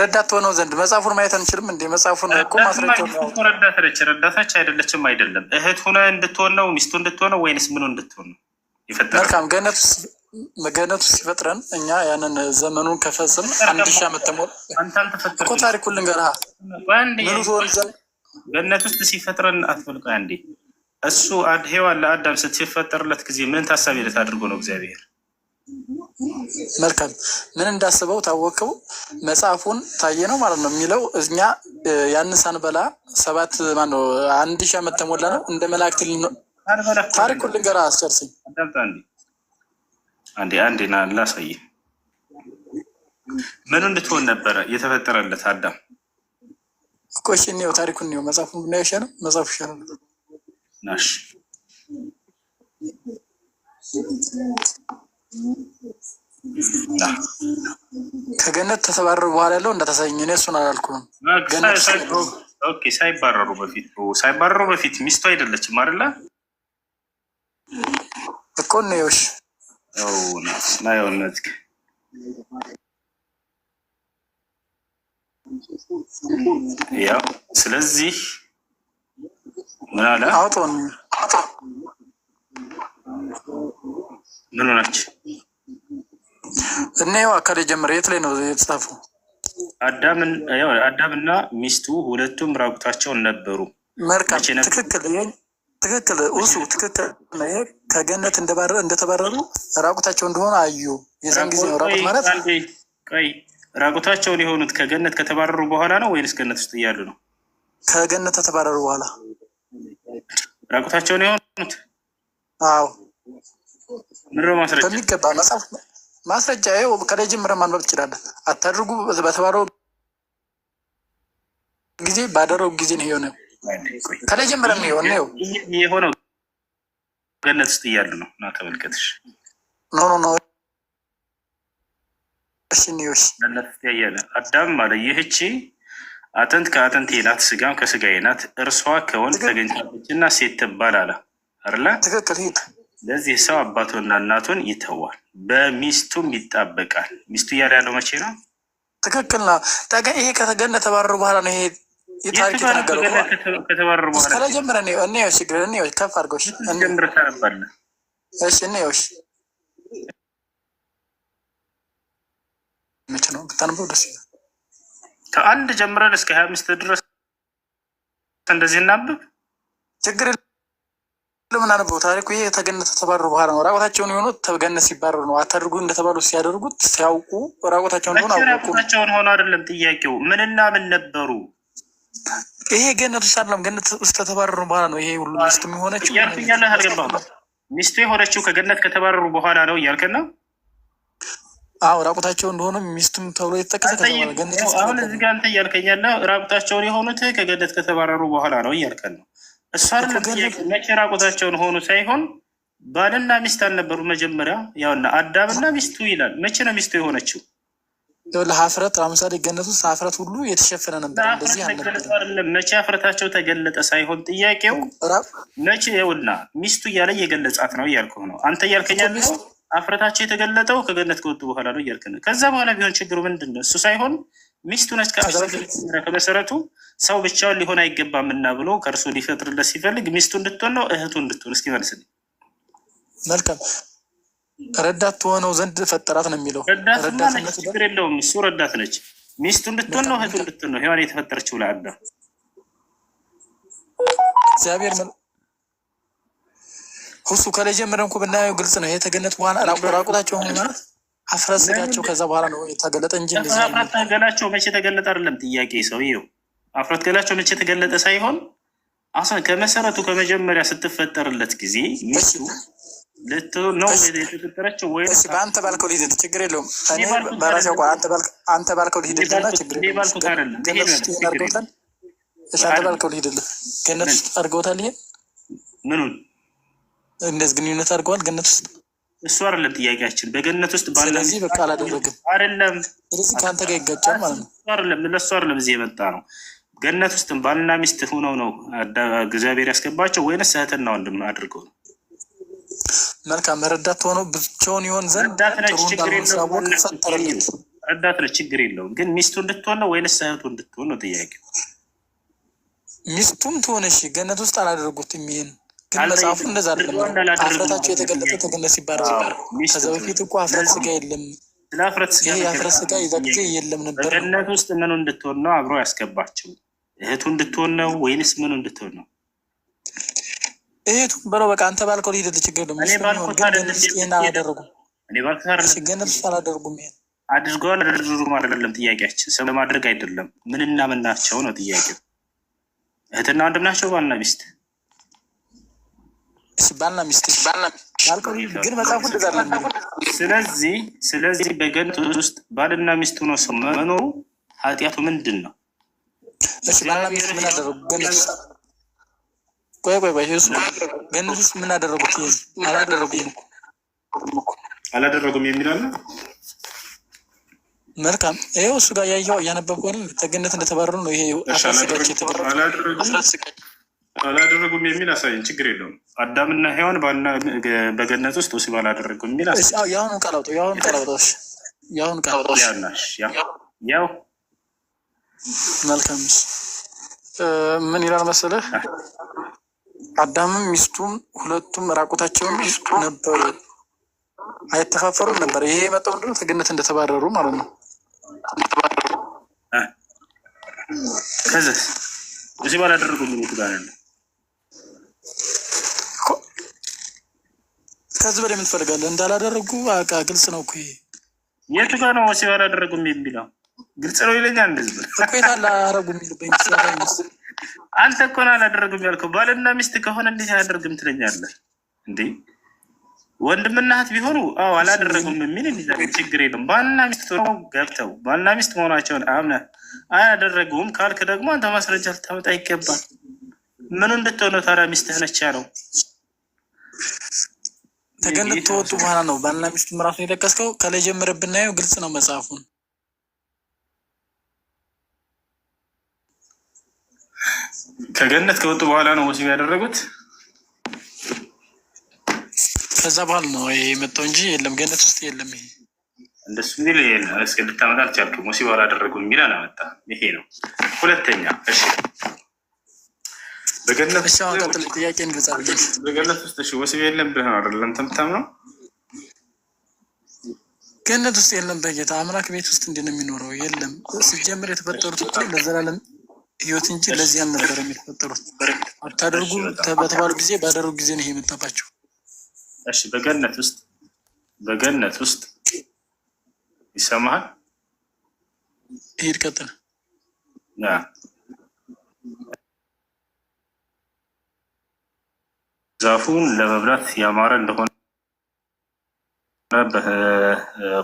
ረዳት ሆነው ዘንድ መጽሐፉን ማየት አንችልም እንዴ? መጽሐፉን እኮ ማስረጃ ረዳት ነች። ረዳታች አይደለችም። አይደለም እህት ሆነ እንድትሆን ነው ሚስቱ እንድትሆን ነው ወይንስ ምኑ እንድትሆን ነው ይፈጠራል? መልካም ገነት ገነት ውስጥ ሲፈጥረን እኛ ያንን ዘመኑን ከፈጽም አንድ ሺህ ዓመት ተሞል እኮ ታሪኩን ልንገርህ። ገነት ውስጥ ሲፈጥረን አትፈልቃ እንዴ? እሱ ሔዋን ለአዳም ስትፈጠርለት ጊዜ ምን ታሳቢነት አድርጎ ነው እግዚአብሔር መልካም ምን እንዳስበው ታወቀው መጽሐፉን ታየ ነው ማለት ነው የሚለው እኛ ያንን ሳንበላ ሰባት ማነው አንድ ሺህ ዓመት ተሞላ ነው እንደ መላእክት ታሪኩን ልንገራ አስጨርስኝ አንዴ አንዴ ና ላሳይ ምኑ እንድትሆን ነበረ የተፈጠረለት አዳም እኮ እሺ እኔው ታሪኩን ነው መጽሐፉን ብና ይሻላል መጽሐፉ ይሻላል ናሽ ከገነት ተተባረሩ በኋላ ያለው እንደተሰኝ እኔ እሱን አላልኩም። ሳይባረሩ በፊት ሳይባረሩ በፊት ሚስቱ አይደለችም አይደለ እኮ ነዮሽ ናየውነት ያው ስለዚህ ምን አለ አውጦን ምን ሆናችሁ? እኔ አካል ጀምር የት ላይ ነው የተጻፈው? እና ሚስቱ ሁለቱም ራቁታቸውን ነበሩ። መርቃት ትክክል ትክክል እሱ ትክክል። ከገነት እንደተባረሩ ራቁታቸው እንደሆነ አዩ። የዛን ጊዜ ነው ራቁት ማለት ቀይ ራቁታቸውን የሆኑት ከገነት ከተባረሩ በኋላ ነው ወይንስ ገነት ውስጥ እያሉ ነው? ከገነት ከተባረሩ በኋላ ራቁታቸውን የሆኑት አዎ በሚገባ መጽሐፍ ማስረጃ ይኸው ከላይ ጀምረህ ማንበብ ትችላለህ። አታድርጉ በተባለው ጊዜ ባደረው ጊዜ ነው የሆነ ከላይ ጀምረህ ነው የሆነ የሆነው ገነት ውስጥ እያሉ ነው እና ተመልከትሽ ኖ ኖ ኖ ገነት አዳም አለ ይህቺ አጥንት ከአጥንቴ ናት፣ ስጋም ከስጋዬ ናት። እርሷ ከወንድ ተገኝታለች እና ሴት ትባል አለ አለ ትክክል ለዚህ ሰው አባቱንና እናቱን ይተዋል፣ በሚስቱም ይጣበቃል። ሚስቱ እያለ ያለው መቼ ነው? ትክክል ነው። ይሄ ከገነት ተባረሩ በኋላ ነው። ይሄ የታሪክ ከተባረሩ በኋላ ከለጀምረ እኔዎች እኔዎች ከፍ አድርገሽ ጀምረ ታነባለ። እሺ እኔዎች መቼ ነው ብታነበው ደስ ይላል። ከአንድ ጀምረን እስከ ሀያ አምስት ድረስ እንደዚህ እናብብ ችግር ለምን ታሪኩ ይሄ ተገነት ተባረሩ በኋላ ነው። ራቆታቸውን የሆኑት ተገነት ሲባረሩ ነው። አታድርጉ እንደተባሉ ሲያደርጉት ሲያውቁ ራቆታቸውን ሆኑ ራቆታቸውን ሆኖ አይደለም ጥያቄው፣ ምንና ምን ነበሩ? ይሄ ገነት ውስጥ አይደለም። ገነት ውስጥ ተባረሩ በኋላ ነው ይሄ ሁሉ ሚስት የሆነችው። ሚስቱ የሆነችው ከገነት ከተባረሩ በኋላ ነው እያልከን ነው? አዎ ራቁታቸው እንደሆነ ሚስቱም ተብሎ የተጠቀሰ አሁን እዚህ ጋር አንተ እያልከኛለ ራቁታቸውን የሆኑት ከገነት ከተባረሩ በኋላ ነው እያልከን ነው? እሳር መቼ ራቆታቸውን ሆኑ ሳይሆን ባልና ሚስት አልነበሩ መጀመሪያ? ያውና አዳምና ሚስቱ ይላል። መቼ ነው ሚስቱ የሆነችው? ለሀፍረት ለምሳሌ ገነት ሀፍረት ሁሉ የተሸፈነ ነበር። እንደዚህ መቼ ሀፍረታቸው ተገለጠ ሳይሆን ጥያቄው መቼ ይውና ሚስቱ እያለ እየገለጻት ነው እያልኩ ነው። አንተ እያልከኛ ሀፍረታቸው የተገለጠው ከገነት ከወጡ በኋላ ነው እያልክ ነው። ከዛ በኋላ ቢሆን ችግሩ ምንድን ነው? እሱ ሳይሆን ሚስቱ ነች። ከመሰረቱ ሰው ብቻውን ሊሆን አይገባም እና ብሎ ከእርሱ ሊፈጥርለት ሲፈልግ ሚስቱ እንድትሆን ነው እህቱ እንድትሆን እስኪ መልስልኝ። መልካም ረዳት ትሆነው ዘንድ ፈጠራት ነው የሚለው ረዳት ችግር የለውም። እሱ ረዳት ነች። ሚስቱ እንድትሆን ነው እህቱ እንድትሆን ነው ሔዋን የተፈጠረችው ለአዳም እግዚአብሔር ሁሱ ከላይ እኮ ብናየው ግልጽ ነው። የተገነት በኋላ ራቁታቸው ማለት አፍረስጋቸው ከዛ በኋላ ነው የተገለጠ እንጂ አፍረት ገላቸው መቼ ተገለጠ አይደለም ጥያቄ። ሰውዬው አፍረት ገላቸው መቼ ተገለጠ ሳይሆን ከመሰረቱ ከመጀመሪያ ስትፈጠርለት ጊዜ ሚስቱ በአንተ ባልከው ልሂድ፣ ችግር የለውም በራሴ አንተ ባልከው ልሂድ ባልከው ልሂድልህ። ገነት ውስጥ አድርገውታል። ይሄ ምኑን እንደዚህ ግንኙነት አድርገዋል ገነት ውስጥ እሱ አይደለም ጥያቄያችን። በገነት ውስጥ ስለዚህ በቃ አላደረግም አይደለም። ስለዚህ ከአንተ ጋር ይጋጫል ማለት ነው። አይደለም ለሱ አይደለም እዚህ የመጣ ነው። ገነት ውስጥም ባልና ሚስት ሆነው ነው እግዚአብሔር ያስገባቸው ወይንስ እህትና ወንድም አድርገው ነው? መልካም ረዳት ሆነው ብቻውን ይሆን ዘንድ ረዳት ነች፣ ችግር የለውም። ግን ሚስቱ እንድትሆን ነው ወይነ ስህቱ እንድትሆን ነው ጥያቄ። ሚስቱም ትሆነሽ ገነት ውስጥ አላደረጉትም ይሄን ግን መጽሐፉ እንደዛ አይደለም። አፍረታቸው የተገለጠ ተገነ ሲባል ከዛ በፊት እኮ አፍረት ስጋ የለም። ይሄ የአፍረት ስጋ የዛ ጊዜ የለም ነበር። ገነት ውስጥ ምኑ እንድትሆን ነው አብሮ ያስገባቸው? እህቱ እንድትሆን ነው ወይንስ ምኑ እንድትሆን ነው? እህቱ በለው በቃ አንተ ባልከው ሊሄድ ችግር ደሞ ይህን አላደረጉም። ገነት ውስጥ አላደረጉም። ይሄን አድርገዋል አደረጉም አይደለም ጥያቄያችን። ሰው ለማድረግ አይደለም ምንና ምን ናቸው ነው ጥያቄው። እህትና ወንድም ናቸው ባልና ሚስት ባልና ሚስት ግን መጽሐፉ እንደዛ ስለዚህ ስለዚህ በገንት ውስጥ ባልና ሚስት ሆኖ ሰው መኖሩ ኃጢአቱ ምንድን ነው? ቆይ ቆይ ቆይ እሱ ውስጥ ምን አደረጉት? አላደረጉም አላደረጉም የሚላለ መልካም ይኸው እሱ ጋር ያየው እያነበብኩ አይደል? እንደተባረሩ ነው ይሄ አስራ ስጋቸው የተባረሩ አላደረጉም የሚል አሳይን፣ ችግር የለውም። አዳምና ሔዋን በገነት ውስጥ ወሲብ አላደረጉም የሚል ያሁን ቀለብጦ ያሁን ቀለብጦሽ ያሁን ያው መልካም ምን ይላል መሰለህ፣ አዳምም ሚስቱም ሁለቱም ራቁታቸውን ነበሩ፣ አይተፋፈሩም ነበር። ይሄ የመጣው ምንድነው? ከገነት እንደተባረሩ ማለት ነው። ከዚህ ወሲብ አላደረጉም የሚል ጋር ያለው ከዚህ በላይ ምን ትፈልጋለህ? እንዳላደረጉ አቃ ግልጽ ነው እኮ። የቱ ጋር ነው ወሲብ አላደረጉም የሚለው? ግልጽ ነው ይለኛል። እንደዚህ እኮ አንተ እኮ ነው አላደረጉም ያልከው። ባልና ሚስት ከሆነ እንዴት አያደርግም ትለኛለህ? እንዴ ወንድምና እህት ቢሆኑ አዎ አላደረጉም የሚል ችግር የለም። ባልና ሚስት ሆኖ ገብተው ባልና ሚስት መሆናቸውን አምነህ አያደረጉም ካልክ ደግሞ አንተ ማስረጃ ልታመጣ ይገባል። ምኑ እንድትሆነ ታዲያ ሚስትህ ነች ያለው ተገለጥ ተወጡ በኋላ ነው ባልና ሚስቱ ምራቱን የጠቀስከው። ከላይ ጀምረህ ብናየው ግልጽ ነው መጽሐፉን። ከገነት ከወጡ በኋላ ነው ወሲብ ያደረጉት። ከዛ በኋላ ነው ይሄ የመጣው እንጂ የለም ገነት ውስጥ የለም። ይሄ እንደሱ ሚል ልታመጣ አልቻልኩም። ወሲብ አላደረጉም የሚል አላመጣም። ይሄ ነው ሁለተኛ። እሺ በገነት ውስጥ ወሲብ የለም ብለህ ነው አይደል? አንተ የምታምነው ገነት ውስጥ የለም። በጌታ አምላክ ቤት ውስጥ እንዲህ ነው የሚኖረው። የለም ሲጀምር የተፈጠሩት እኮ ለዘላለም ሕይወት እንጂ ለዚህ አልነበረም የተፈጠሩት። አታደርጉ በተባሉ ጊዜ ባደረጉ ጊዜ ነው የመጣባቸው። እሺ በገነት ውስጥ በገነት ውስጥ ይሰማሃል። ሂድ ቀጥል ዛፉን ለመብላት ያማረ እንደሆነ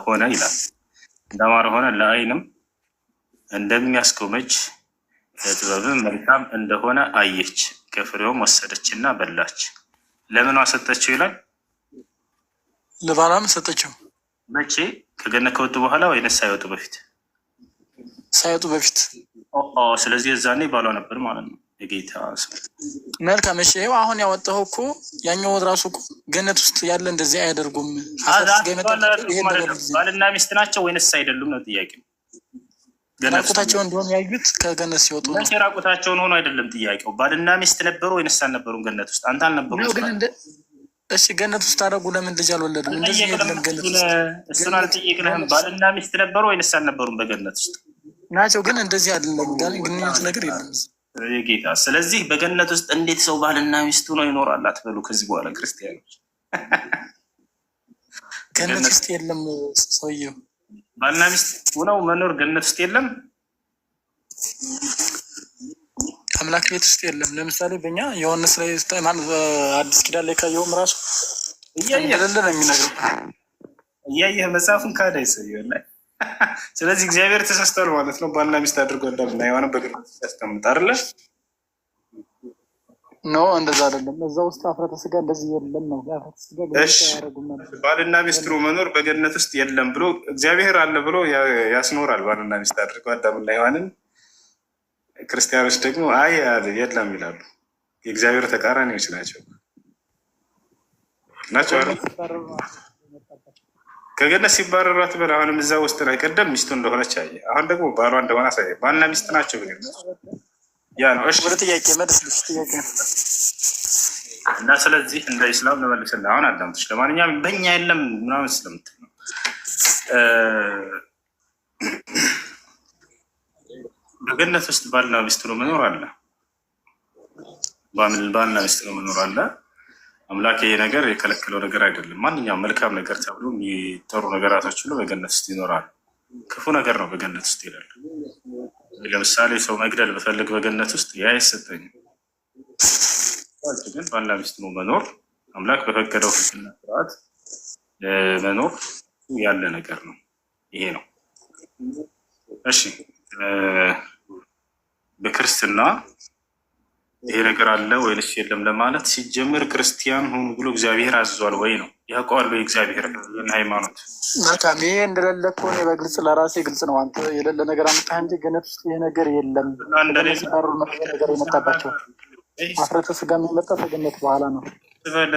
ሆነ ይላል። እንዳማረ ሆነ ለአይንም እንደሚያስጎመጅ ለጥበብም መልካም እንደሆነ አየች። ከፍሬውም ወሰደች እና በላች። ለምኗ ሰጠችው ይላል። ለባላም ሰጠችው። መቼ? ከገነት ከወጡ በኋላ ወይንስ ሳይወጡ በፊት? ሳይወጡ በፊት። ስለዚህ የዛኔ ባሏ ነበር ማለት ነው። የጌታ መልካም። እሺ ይኸው አሁን ያወጣው እኮ ያኛው ራሱ ገነት ውስጥ ያለ እንደዚህ አያደርጉም። ባልና ሚስት ናቸው ወይንስ አይደሉም ነው ጥያቄ። ራቁታቸውን እንደሆነ ያዩት ከገነት ሲወጡ ነው። ራቁታቸውን ሆኖ አይደለም ጥያቄው። ባልና ሚስት ነበሩ ወይንስ አልነበሩም? ገነት ውስጥ አንተ አልነበሩ እሺ ገነት ውስጥ አደረጉ። ለምን ልጅ አልወለዱም? እንደዚህ የለም ገነት ውስጥ እሱን አልጠየቅንህም። ባልና ሚስት ነበሩ ወይንስ አልነበሩም? በገነት ውስጥ ናቸው፣ ግን እንደዚህ አይደለም ግንኙነት ነገር የለም። ጌታ። ስለዚህ በገነት ውስጥ እንዴት ሰው ባልና ሚስቱ ነው ይኖራል አትበሉ። ከዚህ በኋላ ክርስቲያኖች ገነት ውስጥ የለም። ሰውየው ባልና ሚስት ነው መኖር ገነት ውስጥ የለም። አምላክ ቤት ውስጥ የለም። ለምሳሌ በእኛ ዮሐንስ ላይ አዲስ ኪዳን ላይ ካየውም ራሱ እያየለለ ነው የሚነግረው። እያየህ መጽሐፉን ካዳይ ሰውየው ላይ ስለዚህ እግዚአብሔር ተሳስቷል ማለት ነው። ባልና ሚስት አድርጎ እንደምና የሆነ በግር ያስቀምጥ አለ ኖ እንደዛ አይደለም። እዛ ውስጥ አፍረተ ስጋ እንደዚህ የለም ነው። ባልና ሚስትሩ መኖር በገነት ውስጥ የለም ብሎ እግዚአብሔር አለ ብሎ ያስኖራል። ባልና ሚስት አድርጎ አዳምና ሔዋንን ክርስቲያኖች ደግሞ አይ አለ የለም ይላሉ። የእግዚአብሔር ተቃራኒዎች ናቸው ናቸው ከገነት ሲባረራት ትበል። አሁንም እዛ ውስጥ ላይ ቀደም ሚስቱ እንደሆነች አየ፣ አሁን ደግሞ ባሏ እንደሆነ አሳየ። ባልና ሚስት ናቸው። ግን ያ ነው። እሺ ጥያቄ መለስ ጥያቄ እና ስለዚህ እንደ ኢስላም ለመልስል አሁን አዳምቶች ለማንኛውም በእኛ የለም ምናምን ስለምት ነው በገነት ውስጥ ባልና ሚስት ነው መኖር አለ። ባልና ሚስት ነው መኖር አለ አምላክ ይሄ ነገር የከለከለው ነገር አይደለም። ማንኛውም መልካም ነገር ተብሎ የሚጠሩ ነገራቶች ሁሉ በገነት ውስጥ ይኖራሉ። ክፉ ነገር ነው በገነት ውስጥ ይላል። ለምሳሌ ሰው መግደል በፈልግ በገነት ውስጥ ያ አይሰጠኝም። ግን ባልና ሚስት ነው መኖር አምላክ በፈቀደው ሕግና ስርዓት መኖር ያለ ነገር ነው። ይሄ ነው። እሺ በክርስትና ይሄ ነገር አለ ወይንስ የለም ለማለት ሲጀምር ክርስቲያን ሆኑ ብሎ እግዚአብሔር አዟል ወይ ነው ያውቀዋል ወይ እግዚአብሔር ሃይማኖት መልካም ይሄ እንደሌለ እኮ እኔ በግልጽ ለራሴ ግልጽ ነው። አንተ የሌለ ነገር አምጣ እንጂ ግን ውስጥ ይሄ ነገር የለም ነገር የመጣባቸው አፍረተ ስጋ የሚመጣ ተገነት በኋላ ነው በለ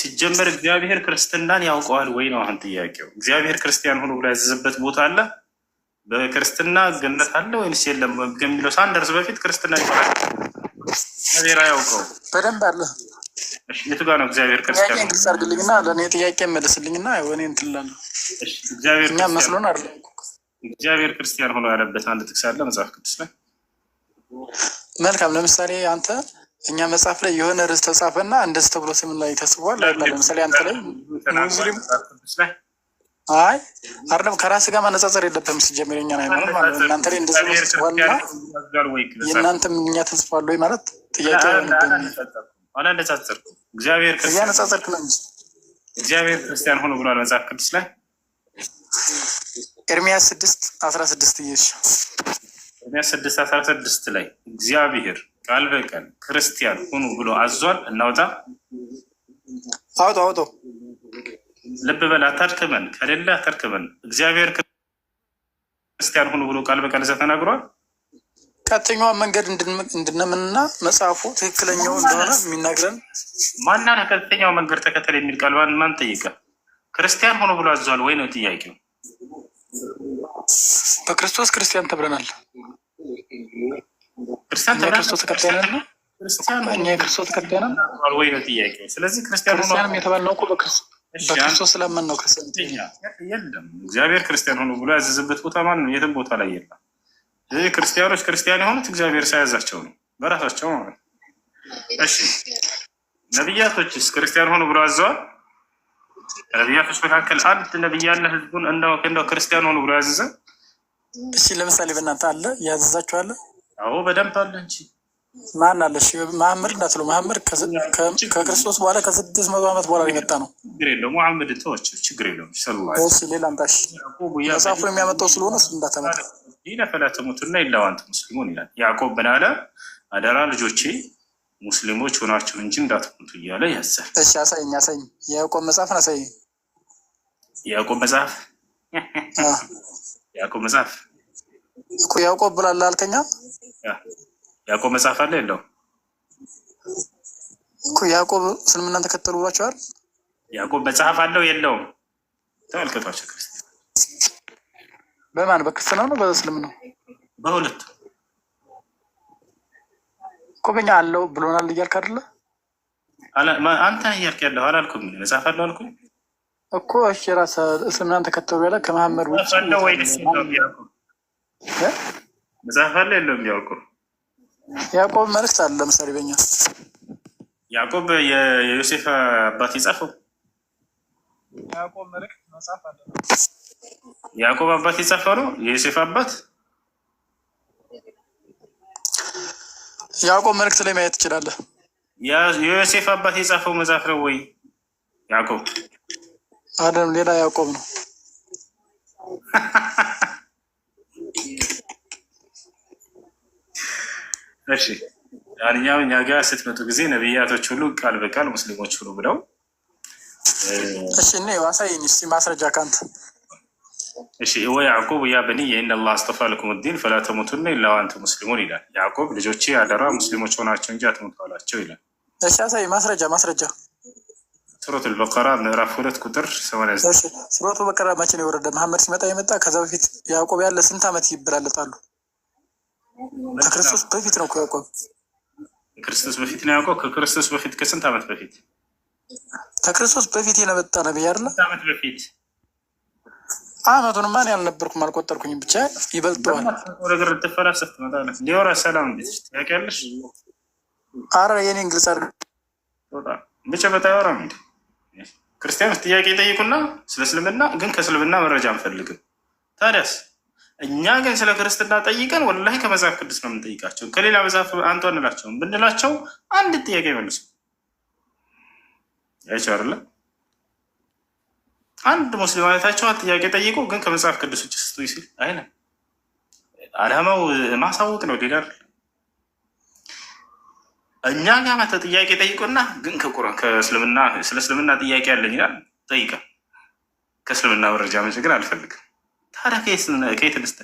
ሲጀመር እግዚአብሔር ክርስትናን ያውቀዋል ወይ ነው አሁን ጥያቄው። እግዚአብሔር ክርስቲያን ሆኖ ብሎ ያዘዘበት ቦታ አለ በክርስትና ገነት አለ ወይንስ የለም ከሚለው ሳንደርስ በፊት ክርስትና ይባላል እግዚአብሔር አያውቀው። በደንብ አለ። የቱ ጋር ነው እግዚአብሔር ቅርጽ? ጥያቄ ግልጽ አድርግልኝና ለእኔ ጥያቄ መልስልኝና ወኔ እንትላለ እግዚአብሔር መስሎን አለ። እግዚአብሔር ክርስቲያን ሆኖ ያለበት አንድ ጥቅስ አለ መጽሐፍ ቅዱስ ላይ። መልካም። ለምሳሌ አንተ እኛ መጽሐፍ ላይ የሆነ ርዕስ ተጻፈና እንደዚህ ተብሎ ስም ላይ ተጽፏል። ለምሳሌ አንተ ላይ ሙስሊም አይ አይደለም፣ ከራስ ጋር ማነጻጸር የለብህም። ሲጀምር ኛ ሃይማኖት ማለት ነው። እናንተ ላይ እንደዚህ ነው ተጽፏል እና የእናንተም ወይ ማለት ጥያቄ እግዚአብሔር እያነጻጸርክ ነው እግዚአብሔር ክርስቲያን ሆኖ ብሏል መጽሐፍ ቅዱስ ላይ ኤርሚያስ ስድስት አስራ ስድስት እየሽ ኤርሚያስ ስድስት አስራ ስድስት ላይ እግዚአብሔር ቃል በቃል ክርስቲያን ሆኑ ብሎ አዟል። እናውጣ አውጦ አውጦ ልብ በል አታድክመን፣ ከሌለ አታድክመን። እግዚአብሔር ክርስቲያን ሁኑ ብሎ ቃል በቃል ተናግሯል። ቀጥተኛዋን መንገድ እንድነምንና መጽሐፉ ትክክለኛው እንደሆነ የሚናግረን ማናን ከቀጥተኛው መንገድ ተከተል የሚል ቃል ማን ጠይቀ? ክርስቲያን ሆኖ ብሎ አዟል ወይ ነው ጥያቄው። በክርስቶስ ክርስቲያን ተብለናል። ክርስቲያን ክርስቶስ ተከታይነ ክርስቲያን ወይ ነው ጥያቄው። ስለዚህ ክርስቲያን ሆኖ የተባልነው እኮ በክርስቶስ በክርስቶስ ስለምን ነው ክርስቲያን? የለም እግዚአብሔር ክርስቲያን ሆኖ ብሎ ያዘዘበት ቦታ ማን ነው? የትም ቦታ ላይ የለም። ይህ ክርስቲያኖች ክርስቲያን የሆኑት እግዚአብሔር ሳያዛቸው ነው በራሳቸው ማለት ነው። እሺ ነቢያቶችስ ክርስቲያን ሆኖ ብሎ አዘዋል? ነቢያቶች መካከል አንድ ነቢይ ያለ ህዝቡን እንደው እንደው ክርስቲያን ሆኖ ብሎ ያዘዘ? እሺ ለምሳሌ በእናንተ አለ ያዘዛቸው አለ? አዎ በደንብ አለ እንጂ ማን አለሽ? መሐመድ እንዳትለው። መሐመድ ከክርስቶስ በኋላ ከስድስት መቶ ዓመት በኋላ የመጣ ነው። ችግር ተወች፣ ችግር የለውም። ሌላ አምጣሽ መጽሐፉ የሚያመጣው ስለሆነ እሱ እንዳታመጣ ሌላ ፈላ ተሙቱና ኢላ ወአንቱም ሙስሊሙን ይላል። ያዕቆብ ምን አለ? አደራ ልጆቼ ሙስሊሞች ሆናችሁ እንጂ እንዳትሞቱ እያለ ያዛል። እሺ አሳይኝ፣ አሳይኝ የያዕቆብ መጽሐፍን አሳይኝ። የያዕቆብ መጽሐፍ ያዕቆብ መጽሐፍ ያዕቆብ ብላለህ አልከኛ ያዕቆብ መጽሐፍ አለ የለው? እኮ ያዕቆብ እስልምናን ተከተሉ ብሏቸዋል። ያዕቆብ መጽሐፍ አለው የለውም? ተመልከቷቸው። ክርስቲያን በማን በክርስትናው ነው በእስልምና ነው? በሁለቱ እኮ በኛ አለው ብሎናል እያልክ አይደለ? አንተ እያልክ ያለው አላልኩም። መጽሐፍ አለው አልኩ እኮ እሺ፣ ራስህ እስልምናን ተከተሉ ያለ ከመሐመድ ውጭ መጽሐፍ አለ የለውም? ያዕቆብ ያዕቆብ መልእክት አለ። ለምሳሌ በኛ ያዕቆብ የዮሴፍ አባት የጻፈው ያዕቆብ መልእክት መጽሐፍ አለ። ያዕቆብ አባት የጻፈው ነው የዮሴፍ አባት ያዕቆብ መልእክት ላይ ማየት ትችላለህ። የዮሴፍ አባት የጻፈው መጽሐፍ ነው ወይ ያዕቆብ አይደለም፣ ሌላ ያዕቆብ ነው። እሺ አንኛው እኛ ጋር ስትመጡ ጊዜ ነቢያቶች ሁሉ ቃል በቃል ሙስሊሞች ሁሉ ብለው እሺ፣ እኔ ዋሳይን እስቲ ማስረጃ ካንተ እሺ። ወያዕቁብ ያ በኒ የእነ ላ አስጠፋ ልኩም ዲን ፈላ ተሙቱነ ኢላ ወአንቱም ሙስሊሙን ይላል። ያዕቁብ ልጆቼ አደራ ሙስሊሞች ሆናቸው እንጂ አትሙቱ አላቸው ይላል። እሺ፣ አሳይ ማስረጃ ማስረጃ። ሱረት አልበቀራ ምዕራፍ ሁለት ቁጥር ሰማንያ ዘጠኝ ሱረቱ አልበቀራ መቼ ነው የወረደ? መሐመድ ሲመጣ የመጣ ከዛ በፊት ያዕቆብ ያለ ስንት ዓመት ይበላለጣሉ? ከክርስቶስ በፊት ነው ያዕቆብ። ከክርስቶስ በፊት ነው ያዕቆብ። ከክርስቶስ በፊት ከስንት ዓመት በፊት? ከክርስቶስ በፊት የነበጣ ነብይ አይደለ? ዓመት በፊት አመቱን ማን ያልነበርኩም አልቆጠርኩኝም። ብቻ ይበልጠዋል። ነገር ልትፈላሰፍ ትመጣለህ። ሊወራ ሰላም ቤት ጥያቄ አረ የኔ እንግሊዝ አር ብጨበጣ ያወራ እንዲ ክርስቲያኖች ጥያቄ ይጠይቁና ስለ እስልምና ግን ከእስልምና መረጃ አንፈልግም። ታዲያስ እኛ ግን ስለ ክርስትና ጠይቀን ወላሂ ከመጽሐፍ ቅዱስ ነው የምንጠይቃቸው። ከሌላ መጽሐፍ አንቱ አንላቸውም ብንላቸው አንድ ጥያቄ መልሱ ያቸው አይደለ። አንድ ሙስሊም ማለታቸውን ጥያቄ ጠይቆ ግን ከመጽሐፍ ቅዱስ ውጭ ስጡ ሲል አይነ አላማው ማሳወቅ ነው። ሌላ እኛ ጋር መተ ጥያቄ ጠይቁና ግን ከቁርአን ከእስልምና ስለ እስልምና ጥያቄ ያለኝ ይላል ጠይቀን ከእስልምና መረጃ መጭ ግን አልፈልግም ታዲያ ከየት ልስጥ?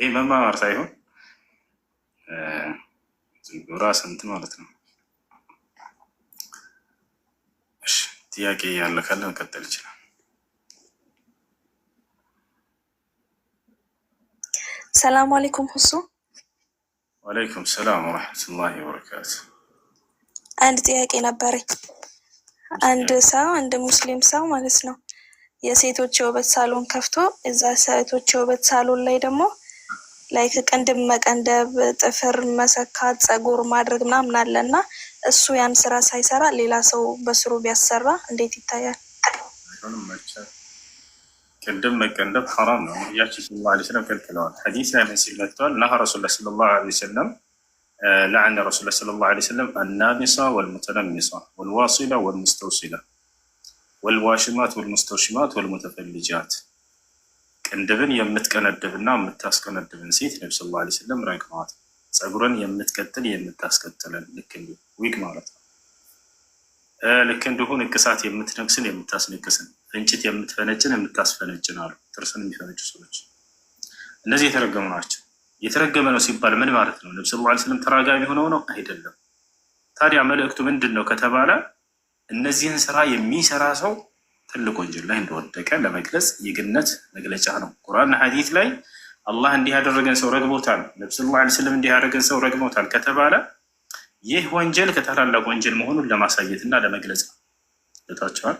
ይህ መማማር ሳይሆን ዝንጎራ ስንት ማለት ነው። ጥያቄ ያለ ካለ መቀጠል ይችላል። ሰላም አለይኩም ሁሱ። ወአለይኩም ሰላም ወረሕመቱላሂ ወበረካቱ። አንድ ጥያቄ ነበረኝ። አንድ ሰው አንድ ሙስሊም ሰው ማለት ነው የሴቶች የውበት ሳሎን ከፍቶ እዛ ሴቶች የውበት ሳሎን ላይ ደግሞ ላይክ ቅንድብ መቀንደብ፣ ጥፍር መሰካት፣ ጸጉር ማድረግ ምናምን አለ እና እሱ ያን ስራ ሳይሰራ ሌላ ሰው በስሩ ቢያሰራ እንዴት ይታያል? ቅንድብ መቀንደብ ሐራም ነው። ነቢያችን ሰለላሁ ዐለይሂ ወሰለም ከልክለዋል። ሐዲስ ላይ መሲል መጥተዋል። ናሀ ረሱላ ሰለላሁ ዐለይሂ ወሰለም ለዐነ ረሱላ ሰለላሁ ዐለይሂ ወሰለም አናሚሳ ወልሙተነሚሳ ወልዋሲላ ወልሙስተውሲላ ወልዋሽማት ወልሙስተውሽማት ወልሙተፈልጃት ቅንድብን የምትቀነድብና የምታስቀነድብን ሴት ነቢ ስ ላ ስለም ረግመዋት፣ ፀጉርን የምትቀጥል የምታስቀጥልን ልክ እንዲሁ ዊግ ማለት ነው። ልክ እንዲሁ ንቅሳት የምትነቅስን የምታስነቅስን፣ ፍንጭት የምትፈነጭን የምታስፈነጭን አሉ ጥርስን የሚፈነጩ ሰዎች። እነዚህ የተረገሙ ናቸው። የተረገመ ነው ሲባል ምን ማለት ነው? ነቢ ስ ላ ስለም ተራጋሚ ሆነው ነው አይደለም። ታዲያ መልእክቱ ምንድን ነው ከተባለ እነዚህን ስራ የሚሰራ ሰው ትልቅ ወንጀል ላይ እንደወደቀ ለመግለጽ የግነት መግለጫ ነው። ቁርአንና ሐዲት ላይ አላህ እንዲህ ያደረገን ሰው ረግሞታል፣ ነቢ ሰለላሁ ዐለይሂ ወሰለም እንዲህ ያደረገን ሰው ረግሞታል ከተባለ ይህ ወንጀል ከታላላቅ ወንጀል መሆኑን ለማሳየት እና ለመግለጽ ታቸዋል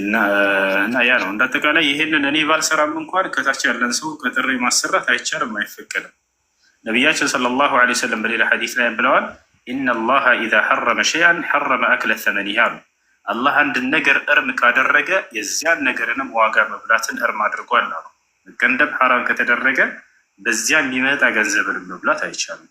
እና ያ ነው። እንዳጠቃላይ ይሄንን እኔ ባልሰራም እንኳን ከታች ያለን ሰው ከጥሪ ማሰራት አይቻልም፣ አይፈቀድም። ነቢያችን ሰለላሁ ዐለይሂ ወሰለም በሌላ ሐዲት ላይ ብለዋል ኢነላሃ ኢዛ ሐረመ ሸይአን ሐረመ አክለ ተመኒህ አሉ። አላህ አንድን ነገር እርም ካደረገ የዚያን ነገርንም ዋጋ መብላትን እርም አድርጓል አሉ። መገንደብ ሐራም ከተደረገ በዚያ የሚመጣ ገንዘብንም መብላት አይቻልም።